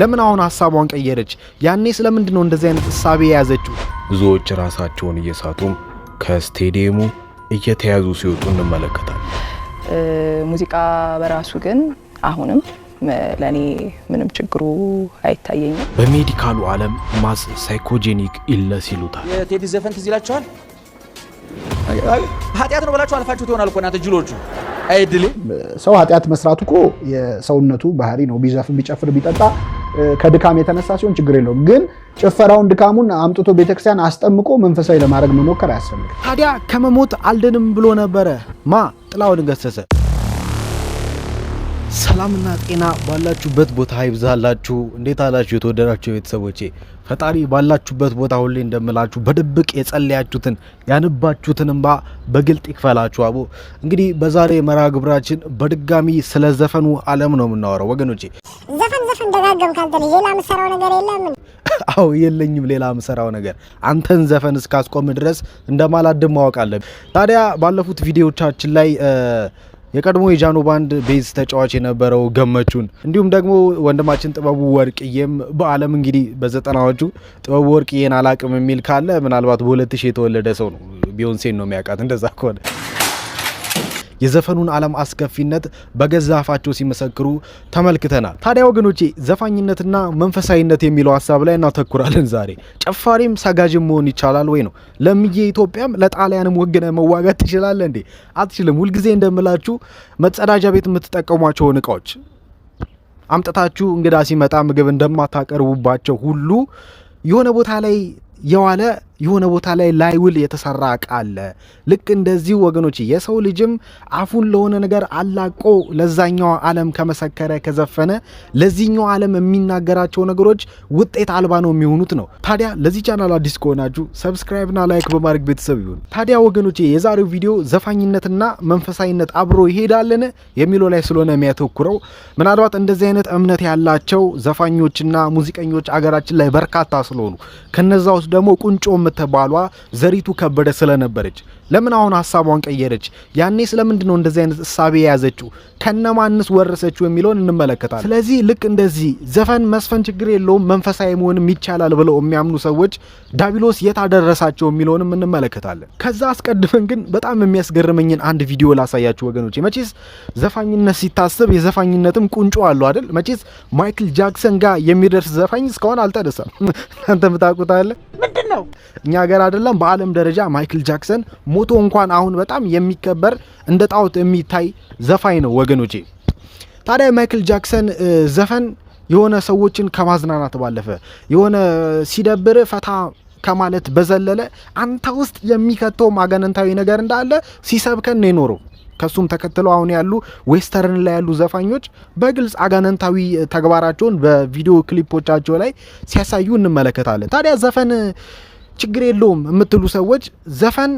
ለምን አሁን ሀሳቧን ቀየረች? ያኔ ስለምንድን ነው እንደዚህ አይነት እሳቤ የያዘችው? ብዙዎች ራሳቸውን እየሳቱም ከስቴዲየሙ እየተያዙ ሲወጡ እንመለከታለን። ሙዚቃ በራሱ ግን አሁንም ለእኔ ምንም ችግሩ አይታየኝም። በሜዲካሉ ዓለም ማስ ሳይኮጄኒክ ኢለስ ይሉታል። የቴዲ ዘፈን ትዝ ይላችኋል? ኃጢአት ነው ብላችሁ አልፋችሁ ትሆናል እኮ እናንተ ጅሎቹ። አይድሌ ሰው ኃጢአት መስራት እኮ የሰውነቱ ባህሪ ነው። ቢዘፍን ቢጨፍር ቢጠጣ ከድካም የተነሳ ሲሆን ችግር የለውም። ግን ጭፈራውን ድካሙን አምጥቶ ቤተክርስቲያን አስጠምቆ መንፈሳዊ ለማድረግ መሞከር አያስፈልግም። ታዲያ ከመሞት አልደንም ብሎ ነበረ ማ ጥላውን ገሰሰ ሰላምና ጤና ባላችሁበት ቦታ ይብዛላችሁ። እንዴት አላችሁ የተወደዳችሁ ቤተሰቦቼ? ፈጣሪ ባላችሁበት ቦታ ሁሌ እንደምላችሁ በድብቅ የጸለያችሁትን ያነባችሁትን እንባ በግልጥ ይክፈላችሁ። አቦ እንግዲህ በዛሬ መርሃ ግብራችን በድጋሚ ስለ ዘፈኑ አለም ነው የምናወራው ወገኖቼ። ዘፈን ዘፈን ደጋገም ካልተ ሌላ ምሰራው ነገር የለም። አዎ የለኝም ሌላ ምሰራው ነገር አንተን ዘፈን እስካስቆም ድረስ እንደማላድም ማወቅ አለብኝ። ታዲያ ባለፉት ቪዲዮቻችን ላይ የቀድሞ የጃኖ ባንድ ቤዝ ተጫዋች የነበረው ገመቹን እንዲሁም ደግሞ ወንድማችን ጥበቡ ወርቅዬም በዓለም እንግዲህ በዘጠናዎቹ ጥበቡ ወርቅዬን አላቅም የሚል ካለ ምናልባት በሁለት ሺህ የተወለደ ሰው ነው። ቢዮንሴን ነው የሚያውቃት እንደዛ ከሆነ የዘፈኑን ዓለም አስከፊነት በገዛ አፋቸው ሲመሰክሩ ተመልክተናል። ታዲያ ወገኖቼ ዘፋኝነትና መንፈሳዊነት የሚለው ሀሳብ ላይ እናተኩራለን ዛሬ። ጨፋሪም ሰጋጅም መሆን ይቻላል ወይ ነው? ለምዬ ኢትዮጵያም ለጣሊያንም ወግነ መዋጋት ትችላለ እንዴ? አትችልም። ሁልጊዜ እንደምላችሁ መጸዳጃ ቤት የምትጠቀሟቸውን እቃዎች አምጥታችሁ እንግዳ ሲመጣ ምግብ እንደማታቀርቡባቸው ሁሉ የሆነ ቦታ ላይ የዋለ የሆነ ቦታ ላይ ላይውል የተሰራ እቃ አለ። ልክ እንደዚህ ወገኖች የሰው ልጅም አፉን ለሆነ ነገር አላቆ ለዛኛው ዓለም ከመሰከረ ከዘፈነ፣ ለዚህኛው ዓለም የሚናገራቸው ነገሮች ውጤት አልባ ነው የሚሆኑት ነው። ታዲያ ለዚህ ቻናል አዲስ ከሆናችሁ ሰብስክራይብና ላይክ በማድረግ ቤተሰብ ይሁን። ታዲያ ወገኖች የዛሬው ቪዲዮ ዘፋኝነትና መንፈሳዊነት አብሮ ይሄዳልን የሚለው ላይ ስለሆነ የሚያተኩረው ምናልባት እንደዚህ አይነት እምነት ያላቸው ዘፋኞችና ሙዚቀኞች አገራችን ላይ በርካታ ስለሆኑ ከነዛ ውስጥ ደግሞ ቁንጮ የምትባሏ ዘሪቱ ከበደ ስለነበረች ለምን አሁን ሀሳቧን ቀየረች? ያኔ ስለምንድን ነው እንደዚህ አይነት እሳቤ የያዘችው? ከነማንስ ወረሰችው የሚለውን እንመለከታለን። ስለዚህ ልክ እንደዚህ ዘፈን መስፈን ችግር የለውም መንፈሳዊ መሆንም ይቻላል ብለው የሚያምኑ ሰዎች ዳቢሎስ የት አደረሳቸው የሚለውንም እንመለከታለን። ከዛ አስቀድመን ግን በጣም የሚያስገርመኝን አንድ ቪዲዮ ላሳያችሁ ወገኖች። መቼስ ዘፋኝነት ሲታስብ የዘፋኝነትም ቁንጮ አለው አይደል? መቼስ ማይክል ጃክሰን ጋር የሚደርስ ዘፋኝ እስካሁን አልተደሰም። እናንተ ምታውቁታለ ምንድን ነው እኛ ሀገር አይደለም በአለም ደረጃ ማይክል ጃክሰን ሞቶ እንኳን አሁን በጣም የሚከበር እንደ ጣዖት የሚታይ ዘፋኝ ነው ወገኖቼ። ታዲያ የማይክል ጃክሰን ዘፈን የሆነ ሰዎችን ከማዝናናት ባለፈ የሆነ ሲደብር ፈታ ከማለት በዘለለ አንተ ውስጥ የሚከተው ማገነንታዊ ነገር እንዳለ ሲሰብከን ነው የኖረው። ከሱም ተከትሎ አሁን ያሉ ዌስተርን ላይ ያሉ ዘፋኞች በግልጽ አጋነንታዊ ተግባራቸውን በቪዲዮ ክሊፖቻቸው ላይ ሲያሳዩ እንመለከታለን። ታዲያ ዘፈን ችግር የለውም የምትሉ ሰዎች ዘፈን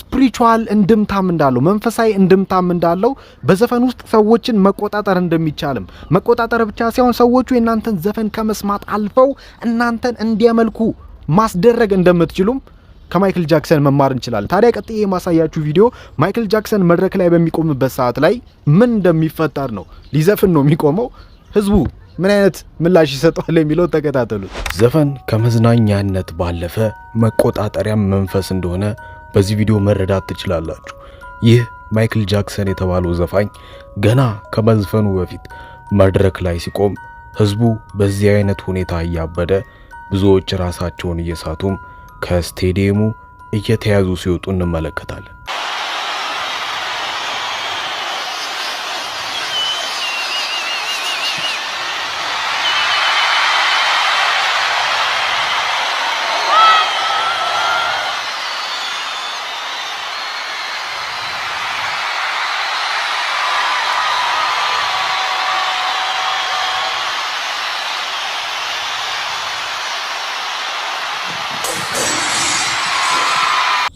ስፕሪቹዋል እንድምታም እንዳለው መንፈሳዊ እንድምታም እንዳለው በዘፈን ውስጥ ሰዎችን መቆጣጠር እንደሚቻልም መቆጣጠር ብቻ ሳይሆን ሰዎቹ የእናንተን ዘፈን ከመስማት አልፈው እናንተን እንዲያመልኩ ማስደረግ እንደምትችሉም ከማይክል ጃክሰን መማር እንችላለን። ታዲያ ቀጥዬ የማሳያችሁ ቪዲዮ ማይክል ጃክሰን መድረክ ላይ በሚቆምበት ሰዓት ላይ ምን እንደሚፈጠር ነው። ሊዘፍን ነው የሚቆመው። ህዝቡ ምን አይነት ምላሽ ይሰጠዋል የሚለው ተከታተሉት። ዘፈን ከመዝናኛነት ባለፈ መቆጣጠሪያም መንፈስ እንደሆነ በዚህ ቪዲዮ መረዳት ትችላላችሁ። ይህ ማይክል ጃክሰን የተባለው ዘፋኝ ገና ከመዝፈኑ በፊት መድረክ ላይ ሲቆም ህዝቡ በዚህ አይነት ሁኔታ እያበደ ብዙዎች ራሳቸውን እየሳቱም ከስቴዲየሙ እየተያዙ ሲወጡ እንመለከታለን።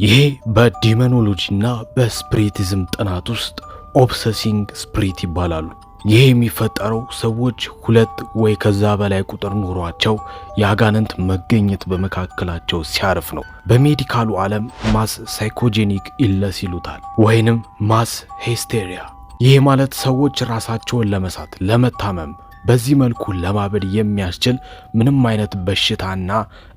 ይሄ በዲመኖሎጂና በስፕሪቲዝም ጥናት ውስጥ ኦብሰሲንግ ስፕሪት ይባላሉ። ይህ የሚፈጠረው ሰዎች ሁለት ወይ ከዛ በላይ ቁጥር ኖሯቸው የአጋንንት መገኘት በመካከላቸው ሲያርፍ ነው። በሜዲካሉ ዓለም ማስ ሳይኮጄኒክ ኢለስ ይሉታል፣ ወይንም ማስ ሄስቴሪያ። ይህ ማለት ሰዎች ራሳቸውን ለመሳት፣ ለመታመም በዚህ መልኩ ለማበድ የሚያስችል ምንም አይነት በሽታና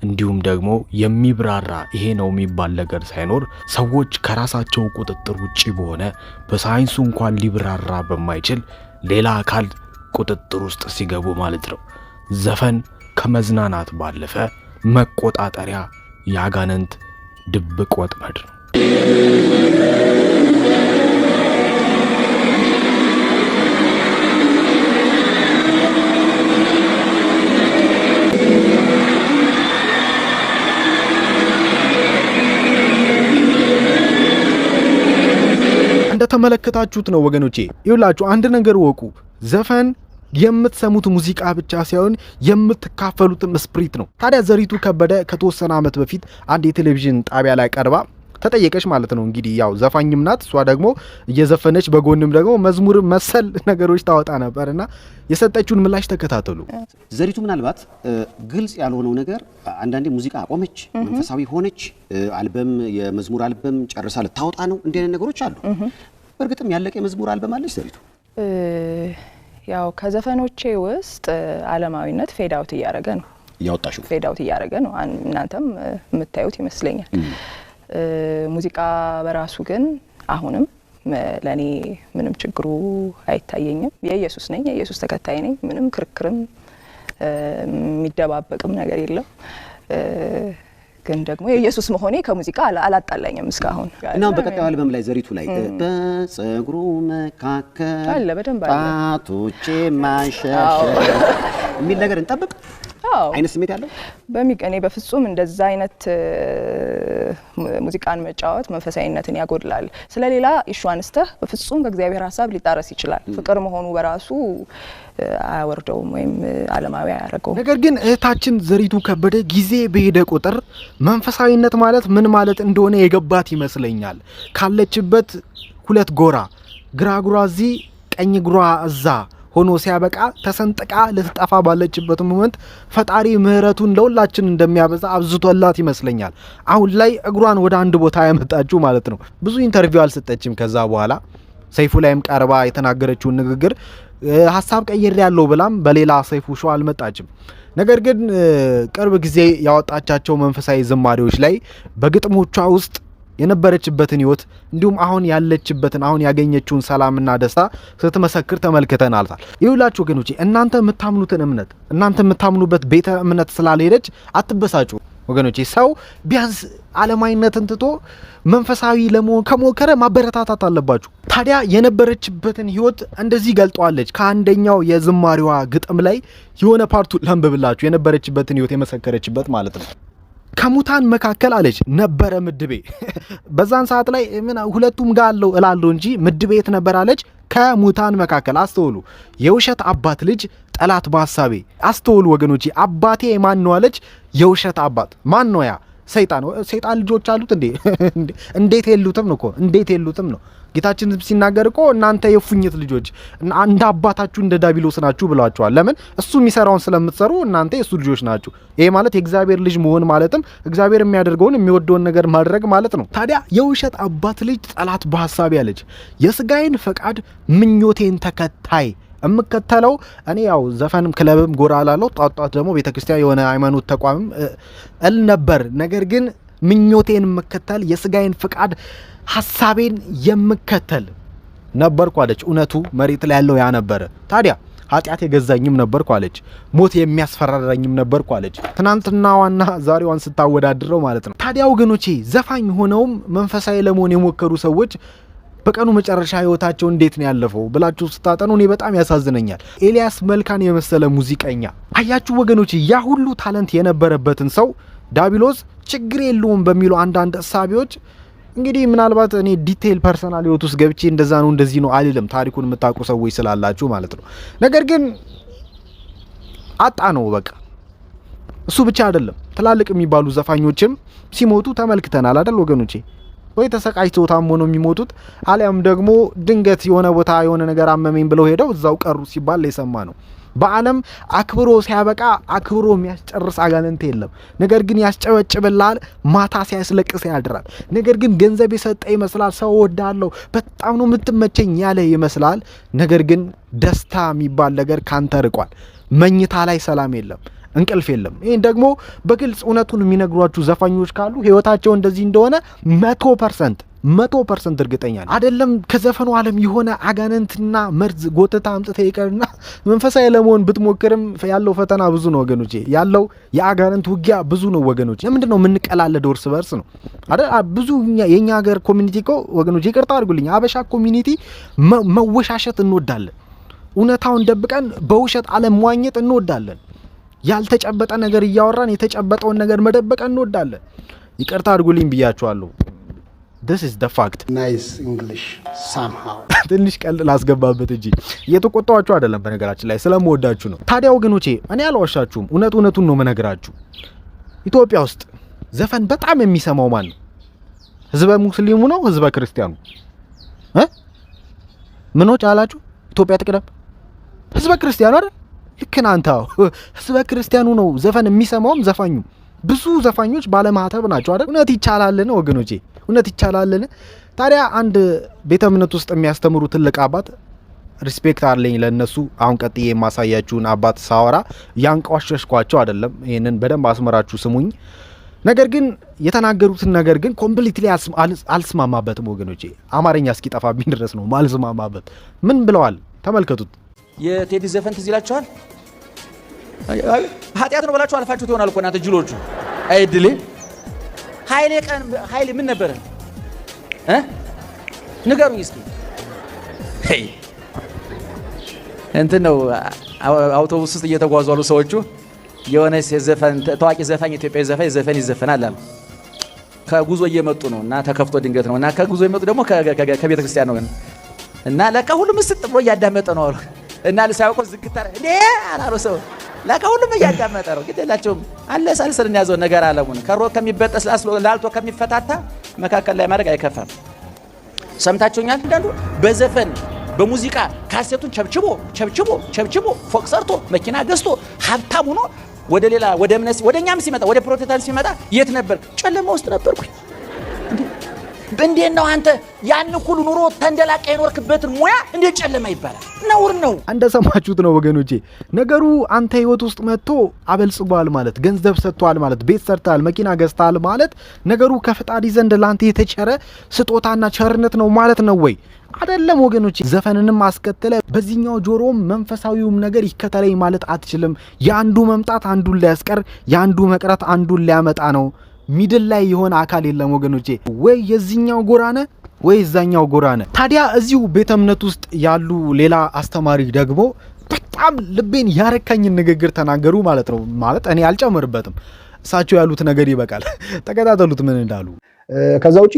እንዲሁም ደግሞ የሚብራራ ይሄ ነው የሚባል ነገር ሳይኖር ሰዎች ከራሳቸው ቁጥጥር ውጪ በሆነ በሳይንሱ እንኳን ሊብራራ በማይችል ሌላ አካል ቁጥጥር ውስጥ ሲገቡ ማለት ነው። ዘፈን ከመዝናናት ባለፈ መቆጣጠሪያ የአጋንንት ድብቅ ወጥመድ ነው። እየተመለከታችሁት ነው ወገኖቼ። ይውላችሁ አንድ ነገር ወቁ፣ ዘፈን የምትሰሙት ሙዚቃ ብቻ ሳይሆን የምትካፈሉትም ስፕሪት ነው። ታዲያ ዘሪቱ ከበደ ከተወሰነ ዓመት በፊት አንድ የቴሌቪዥን ጣቢያ ላይ ቀርባ ተጠየቀች ማለት ነው። እንግዲህ ያው ዘፋኝም ናት እሷ ደግሞ እየዘፈነች በጎንም ደግሞ መዝሙር መሰል ነገሮች ታወጣ ነበር እና የሰጠችውን ምላሽ ተከታተሉ። ዘሪቱ ምናልባት ግልጽ ያልሆነው ነገር አንዳንዴ ሙዚቃ አቆመች፣ መንፈሳዊ ሆነች፣ አልበም የመዝሙር አልበም ጨርሳ ልታወጣ ነው። እንዲህ አይነት ነገሮች አሉ። በእርግጥም ያለቀ የመዝሙር አልበም አለች ዘሪቱ? ያው ከዘፈኖቼ ውስጥ አለማዊነት ፌድ አውት እያደረገ ነው እያወጣሽ ፌድ እያደረገ ነው። እናንተም የምታዩት ይመስለኛል። ሙዚቃ በራሱ ግን አሁንም ለእኔ ምንም ችግሩ አይታየኝም። የኢየሱስ ነኝ፣ የኢየሱስ ተከታይ ነኝ። ምንም ክርክርም የሚደባበቅም ነገር የለም። ግን ደግሞ የኢየሱስ መሆኔ ከሙዚቃ አላጣላኝም እስካሁን። እናም በቀጣዩ አልበም ላይ ዘሪቱ ላይ በጸጉሩ መካከል አለ በደንብ ጣቶቼ ማሸሸ የሚል ነገር እንጠብቅ። አይነት ስሜት ያለው በሚቀኔ በፍጹም እንደዛ አይነት ሙዚቃን መጫወት መንፈሳዊነትን ያጎድላል። ስለሌላ ኢሹ አንስተህ በፍጹም ከእግዚአብሔር ሀሳብ ሊጣረስ ይችላል። ፍቅር መሆኑ በራሱ አያወርደውም ወይም አለማዊ አያደርገው ነገር ግን እህታችን ዘሪቱ ከበደ ጊዜ በሄደ ቁጥር መንፈሳዊነት ማለት ምን ማለት እንደሆነ የገባት ይመስለኛል። ካለችበት ሁለት ጎራ ግራ ጉራ እዚህ ቀኝ ጉራ እዛ ሆኖ ሲያበቃ ተሰንጥቃ ልትጠፋ ባለችበት ሞመንት ፈጣሪ ምሕረቱን ለሁላችን እንደሚያበዛ አብዝቶላት ይመስለኛል። አሁን ላይ እግሯን ወደ አንድ ቦታ ያመጣችው ማለት ነው። ብዙ ኢንተርቪው አልሰጠችም። ከዛ በኋላ ሰይፉ ላይም ቀርባ የተናገረችውን ንግግር ሀሳብ ቀይሬ ያለው ብላም በሌላ ሰይፉ ሾ አልመጣችም። ነገር ግን ቅርብ ጊዜ ያወጣቻቸው መንፈሳዊ ዝማሬዎች ላይ በግጥሞቿ ውስጥ የነበረችበትን ህይወት እንዲሁም አሁን ያለችበትን አሁን ያገኘችውን ሰላምና ደስታ ስትመሰክር ተመልክተናል። ይሁላችሁ ወገኖቼ እናንተ የምታምኑትን እምነት እናንተ የምታምኑበት ቤተ እምነት ስላልሄደች አትበሳጩ ወገኖቼ። ሰው ቢያንስ አለማዊነትን ትቶ መንፈሳዊ ለመሆን ከሞከረ ማበረታታት አለባችሁ። ታዲያ የነበረችበትን ህይወት እንደዚህ ገልጠዋለች። ከአንደኛው የዝማሬዋ ግጥም ላይ የሆነ ፓርቱ ለንብብላችሁ፣ የነበረችበትን ህይወት የመሰከረችበት ማለት ነው። ከሙታን መካከል አለች ነበረ ምድቤ። በዛን ሰዓት ላይ ምን ሁለቱም ጋር አለው እላለሁ እንጂ ምድቤ የት ነበር አለች። ከሙታን መካከል አስተውሉ። የውሸት አባት ልጅ ጠላት በሀሳቤ አስተውሉ ወገኖቼ። አባቴ ማን ነው አለች። የውሸት አባት ማን ነው? ያ ሰይጣን። ሰይጣን ልጆች አሉት እንዴ? እንዴት የሉትም ነው እኮ እንዴት የሉትም ነው ጌታችን ሲናገር እኮ እናንተ የፉኝት ልጆች እንደ አባታችሁ እንደ ዳቢሎስ ናችሁ ብሏቸዋል። ለምን እሱ የሚሰራውን ስለምትሰሩ እናንተ የእሱ ልጆች ናችሁ። ይሄ ማለት የእግዚአብሔር ልጅ መሆን ማለትም እግዚአብሔር የሚያደርገውን የሚወደውን ነገር ማድረግ ማለት ነው። ታዲያ የውሸት አባት ልጅ ጠላት በሀሳብ ያለች የስጋዬን ፈቃድ ምኞቴን ተከታይ የምከተለው እኔ ያው ዘፈንም ክለብም ጎራ ላለው ጧጧት ደግሞ ቤተክርስቲያን የሆነ ሃይማኖት ተቋምም እል ነበር ነገር ግን ምኞቴን የምከተል የስጋዬን ፍቃድ ሀሳቤን የምከተል ነበርኩ አለች። እውነቱ መሬት ላይ ያለው ያ ነበረ። ታዲያ ኃጢአት የገዛኝም ነበርኩ አለች። ሞት የሚያስፈራራኝም ነበርኩ አለች። ትናንትናዋና ዛሬዋን ስታወዳድረው ማለት ነው። ታዲያ ወገኖቼ ዘፋኝ ሆነውም መንፈሳዊ ለመሆን የሞከሩ ሰዎች በቀኑ መጨረሻ ህይወታቸው እንዴት ነው ያለፈው ብላችሁ ስታጠኑ እኔ በጣም ያሳዝነኛል። ኤልያስ መልካን የመሰለ ሙዚቀኛ አያችሁ ወገኖች፣ ያ ሁሉ ታለንት የነበረበትን ሰው ዳቢሎስ ችግር የለውም በሚሉ አንዳንድ እሳቢዎች እንግዲህ ምናልባት እኔ ዲቴይል ፐርሰናል ህይወት ውስጥ ገብቼ እንደዛ ነው እንደዚህ ነው አልልም፣ ታሪኩን የምታውቁ ሰዎች ስላላችሁ ማለት ነው። ነገር ግን አጣ ነው በቃ። እሱ ብቻ አይደለም፣ ትላልቅ የሚባሉ ዘፋኞችም ሲሞቱ ተመልክተናል አይደል ወገኖቼ? ወይ ተሰቃይተው ታሞ ነው የሚሞቱት፣ አሊያም ደግሞ ድንገት የሆነ ቦታ የሆነ ነገር አመመኝ ብለው ሄደው እዛው ቀሩ ሲባል የሰማ ነው። በዓለም አክብሮ ሲያበቃ አክብሮ የሚያስጨርስ አጋንንት የለም። ነገር ግን ያስጨበጭብላል፣ ማታ ሲያስለቅስ ያድራል። ነገር ግን ገንዘብ የሰጠ ይመስላል። ሰው ወዳለው በጣም ነው የምትመቸኝ ያለ ይመስላል። ነገር ግን ደስታ የሚባል ነገር ካንተ ርቋል። መኝታ ላይ ሰላም የለም፣ እንቅልፍ የለም። ይህን ደግሞ በግልጽ እውነቱን የሚነግሯችሁ ዘፋኞች ካሉ ህይወታቸው እንደዚህ እንደሆነ መቶ ፐርሰንት መቶ ፐርሰንት እርግጠኛ ነኝ። አይደለም ከዘፈኑ ዓለም የሆነ አጋንንትና መርዝ ጎተታ አምጥተ ይቀርና መንፈሳዊ ለመሆን ብትሞክርም ያለው ፈተና ብዙ ነው ወገኖቼ። ያለው የአጋንንት ውጊያ ብዙ ነው ወገኖቼ። ለምንድን ነው የምንቀላለደው? እርስ በርስ ነው ብዙ የእኛ ሀገር ኮሚኒቲ እኮ ወገኖቼ፣ ይቅርታ አድርጉልኝ፣ አበሻ ኮሚኒቲ መወሻሸት እንወዳለን። እውነታውን ደብቀን በውሸት ዓለም መዋኘት እንወዳለን። ያልተጨበጠ ነገር እያወራን የተጨበጠውን ነገር መደበቅ እንወዳለን። ይቅርታ አድርጉልኝ ብያችኋለሁ። ዲስ ኢዝ ዘ ፋክት። ናይስ ኢንግሊሽ ሳምሃው ትንሽ ቀልድ ላስገባበት እንጂ እየተቆጣኋችሁ አይደለም፣ በነገራችን ላይ ስለምወዳችሁ ነው። ታዲያ ወገኖቼ እኔ አልዋሻችሁም፣ እውነት እውነቱን ነው መነግራችሁ። ኢትዮጵያ ውስጥ ዘፈን በጣም የሚሰማው ማን ነው? ህዝበ ሙስሊሙ ነው? ህዝበ ክርስቲያኑ? እ ምኖች አላችሁ? ኢትዮጵያ ትቅደም። ህዝበ ክርስቲያኑ አይደል? ልክ ነህ ህዝበ ክርስቲያኑ ነው ዘፈን የሚሰማውም ዘፋኙ። ብዙ ዘፋኞች ባለማህተብ ናቸው አይደል? እውነት ይቻላልን ወገኖቼ? እውነት ይቻላልን? ታዲያ አንድ ቤተ እምነት ውስጥ የሚያስተምሩ ትልቅ አባት ሪስፔክት አለኝ ለእነሱ። አሁን ቀጥዬ የማሳያችሁን አባት ሳወራ ያንቋሸሽኳቸው አይደለም። ይህንን በደንብ አስመራችሁ ስሙኝ። ነገር ግን የተናገሩትን ነገር ግን ኮምፕሊትሊ አልስማማበትም ወገኖቼ። አማርኛ እስኪጠፋብኝ ድረስ ነው አልስማማበት። ምን ብለዋል? ተመልከቱት። የቴዲ ዘፈን ትዝ ይላችኋል? ኃጢአት ነው ብላችሁ አልፋችሁት ይሆናል እኮ እናንተ ጅሎቹ። አይድሌ ኃይሌ ቀን ኃይሌ ምን ነበረ ንገሩኝ እስኪ እንትን ነው አውቶቡስ ውስጥ እየተጓዙ አሉ ሰዎቹ። የሆነ ታዋቂ ዘፋኝ ኢትዮጵያዊ ዘፋኝ ዘፈን ይዘፈናል አሉ። ከጉዞ እየመጡ ነው እና ተከፍቶ ድንገት ነው እና ከጉዞ የመጡ ደግሞ ከቤተ ክርስቲያን ነው እና ለካ ሁሉም ስጥ ብሎ እያዳመጠ ነው አሉ እና ልሳያውቆ ዝግታ እኔ አላሉ ሰው ለካ ሁሉም እያዳመጠ ነው። ግድ የላቸውም አለ ሰልስልን ያዘው ነገር አለሙን ከሮ ከሚበጠስ ላልቶ ከሚፈታታ መካከል ላይ ማድረግ አይከፋም። ሰምታችሁኛል። እንዳንዱ በዘፈን በሙዚቃ ካሴቱን ቸብችቦ ቸብችቦ ቸብችቦ ፎቅ ሰርቶ መኪና ገዝቶ ሀብታም ሆኖ ወደ ሌላ ወደ እምነት ወደ እኛም ሲመጣ ወደ ፕሮቴስታንት ሲመጣ የት ነበር? ጨለማ ውስጥ ነበርኩኝ። እንዴት ነው አንተ ያን ሁሉ ኑሮ ተንደላቀ የኖርክበትን ሙያ እንዴት ጨለማ ይባላል? ነውር ነው። እንደሰማችሁት ነው ወገኖቼ። ነገሩ አንተ ህይወት ውስጥ መጥቶ አበልጽጓል ማለት ገንዘብ ሰጥቷል ማለት ቤት ሰርታል፣ መኪና ገዝታል ማለት ነገሩ ከፈጣሪ ዘንድ ለአንተ የተቸረ ስጦታና ቸርነት ነው ማለት ነው ወይ? አይደለም ወገኖች። ዘፈንንም አስከተለ በዚህኛው ጆሮም መንፈሳዊውም ነገር ይከተለኝ ማለት አትችልም። የአንዱ መምጣት አንዱን ሊያስቀር፣ የአንዱ መቅረት አንዱን ሊያመጣ ነው። ሚድል ላይ የሆነ አካል የለም ወገኖቼ። ወይ የዚህኛው ጎራነ ወይ እዛኛው ጎራነ ታዲያ እዚሁ ቤተ እምነት ውስጥ ያሉ ሌላ አስተማሪ ደግሞ በጣም ልቤን ያረካኝን ንግግር ተናገሩ ማለት ነው። ማለት እኔ አልጨምርበትም፣ እሳቸው ያሉት ነገር ይበቃል። ተከታተሉት ምን እንዳሉ። ከዛ ውጪ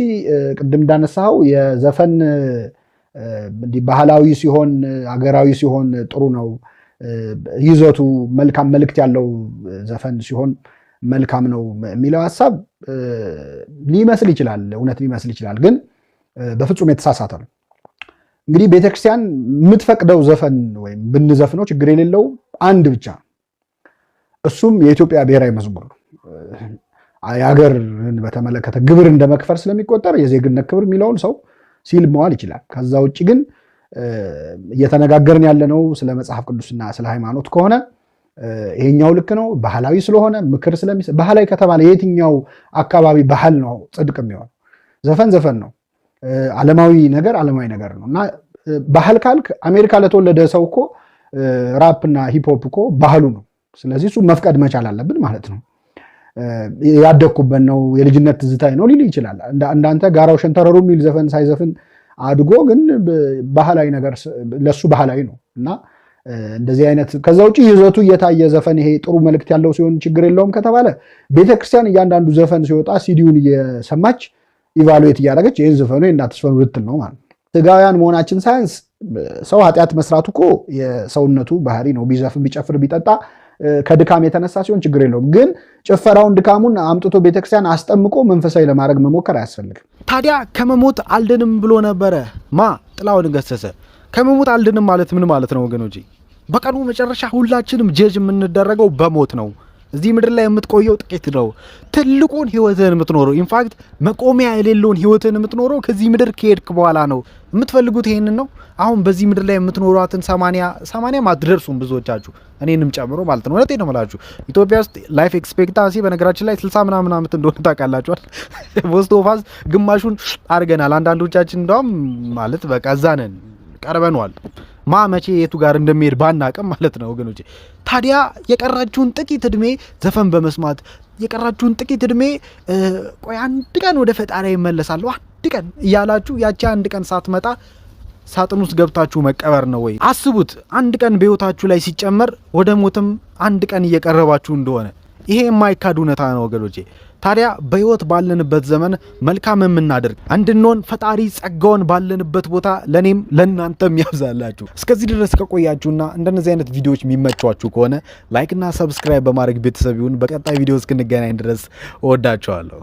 ቅድም እንዳነሳው የዘፈን ባህላዊ ሲሆን አገራዊ ሲሆን ጥሩ ነው። ይዘቱ መልካም መልእክት ያለው ዘፈን ሲሆን መልካም ነው የሚለው ሀሳብ ሊመስል ይችላል፣ እውነት ሊመስል ይችላል፣ ግን በፍጹም የተሳሳተ ነው። እንግዲህ ቤተክርስቲያን የምትፈቅደው ዘፈን ወይም ብንዘፍነው ችግር የሌለው አንድ ብቻ እሱም የኢትዮጵያ ብሔራዊ መዝሙር ነው። የሀገርን በተመለከተ ግብር እንደ መክፈል ስለሚቆጠር የዜግነት ክብር የሚለውን ሰው ሲል መዋል ይችላል። ከዛ ውጭ ግን እየተነጋገርን ያለነው ስለ መጽሐፍ ቅዱስና ስለ ሃይማኖት ከሆነ ይሄኛው ልክ ነው ባህላዊ ስለሆነ ምክር ስለሚ ባህላዊ ከተባለ የትኛው አካባቢ ባህል ነው ጽድቅ የሚሆነው? ዘፈን ዘፈን ነው፣ አለማዊ ነገር አለማዊ ነገር ነው እና ባህል ካልክ አሜሪካ ለተወለደ ሰው እኮ ራፕ እና ሂፕሆፕ እኮ ባህሉ ነው። ስለዚህ እሱ መፍቀድ መቻል አለብን ማለት ነው። ያደግኩበት ነው የልጅነት ትዝታይ ነው ሊል ይችላል። እንዳንተ ጋራው ሸንተረሩ የሚል ዘፈን ሳይዘፍን አድጎ ግን ባህላዊ ነገር ለሱ ባህላዊ ነው እና እንደዚህ አይነት ከዛ ውጭ ይዘቱ እየታየ ዘፈን ይሄ ጥሩ መልእክት ያለው ሲሆን ችግር የለውም ከተባለ ቤተክርስቲያን እያንዳንዱ ዘፈን ሲወጣ ሲዲውን እየሰማች ኢቫሉዌት እያደረገች ይህን ዘፈኑ እናትስፈኑ ልትል ነው ማለት ነው። ስጋውያን መሆናችን ሳያንስ ሰው ኃጢአት መስራቱ እኮ የሰውነቱ ባህሪ ነው። ቢዘፍን፣ ቢጨፍር፣ ቢጠጣ ከድካም የተነሳ ሲሆን ችግር የለውም። ግን ጭፈራውን ድካሙን አምጥቶ ቤተክርስቲያን አስጠምቆ መንፈሳዊ ለማድረግ መሞከር አያስፈልግም። ታዲያ ከመሞት አልድንም ብሎ ነበረ ማ ጥላውን ገሰሰ ከመሞት አልድንም ማለት ምን ማለት ነው ወገኖቼ? በቀኑ መጨረሻ ሁላችንም ጀጅ የምንደረገው በሞት ነው። እዚህ ምድር ላይ የምትቆየው ጥቂት ነው። ትልቁን ህይወትህን የምትኖረው ኢንፋክት መቆሚያ የሌለውን ህይወትህን የምትኖረው ከዚህ ምድር ከሄድክ በኋላ ነው። የምትፈልጉት ይሄንን ነው። አሁን በዚህ ምድር ላይ የምትኖሯትን ሰማንያ ሰማንያም አትደርሱም ብዙዎቻችሁ፣ እኔንም ጨምሮ ማለት ነው። እውነቴን ነው የምላችሁ። ኢትዮጵያ ውስጥ ላይፍ ኤክስፔክታንሲ በነገራችን ላይ ስልሳ ምናምን ዓመት እንደሆነ ታውቃላችኋል። ሞስት ኦፍ አስ ግማሹን አድርገናል። አንዳንዶቻችን እንደውም ማለት በቃ እዛ ነን ቀርበኗል። ማ መቼ የቱ ጋር እንደሚሄድ ባናቅም ማለት ነው ወገኖቼ። ታዲያ የቀራችሁን ጥቂት እድሜ ዘፈን በመስማት የቀራችሁን ጥቂት እድሜ ቆይ አንድ ቀን ወደ ፈጣሪ ይመለሳለሁ አንድ ቀን እያላችሁ ያቺ አንድ ቀን ሳትመጣ ሳጥን ውስጥ ገብታችሁ መቀበር ነው ወይ? አስቡት። አንድ ቀን በህይወታችሁ ላይ ሲጨመር ወደ ሞትም አንድ ቀን እየቀረባችሁ እንደሆነ ይሄ የማይካድ እውነታ ነው ወገኖቼ። ታዲያ በህይወት ባለንበት ዘመን መልካም የምናደርግ እንድንሆን ፈጣሪ ጸጋውን ባለንበት ቦታ ለእኔም ለእናንተም ያብዛላችሁ። እስከዚህ ድረስ ከቆያችሁና እንደነዚህ አይነት ቪዲዮዎች የሚመቿችሁ ከሆነ ላይክና ሰብስክራይብ በማድረግ ቤተሰብ ይሁን። በቀጣይ ቪዲዮ እስክንገናኝ ድረስ እወዳችኋለሁ።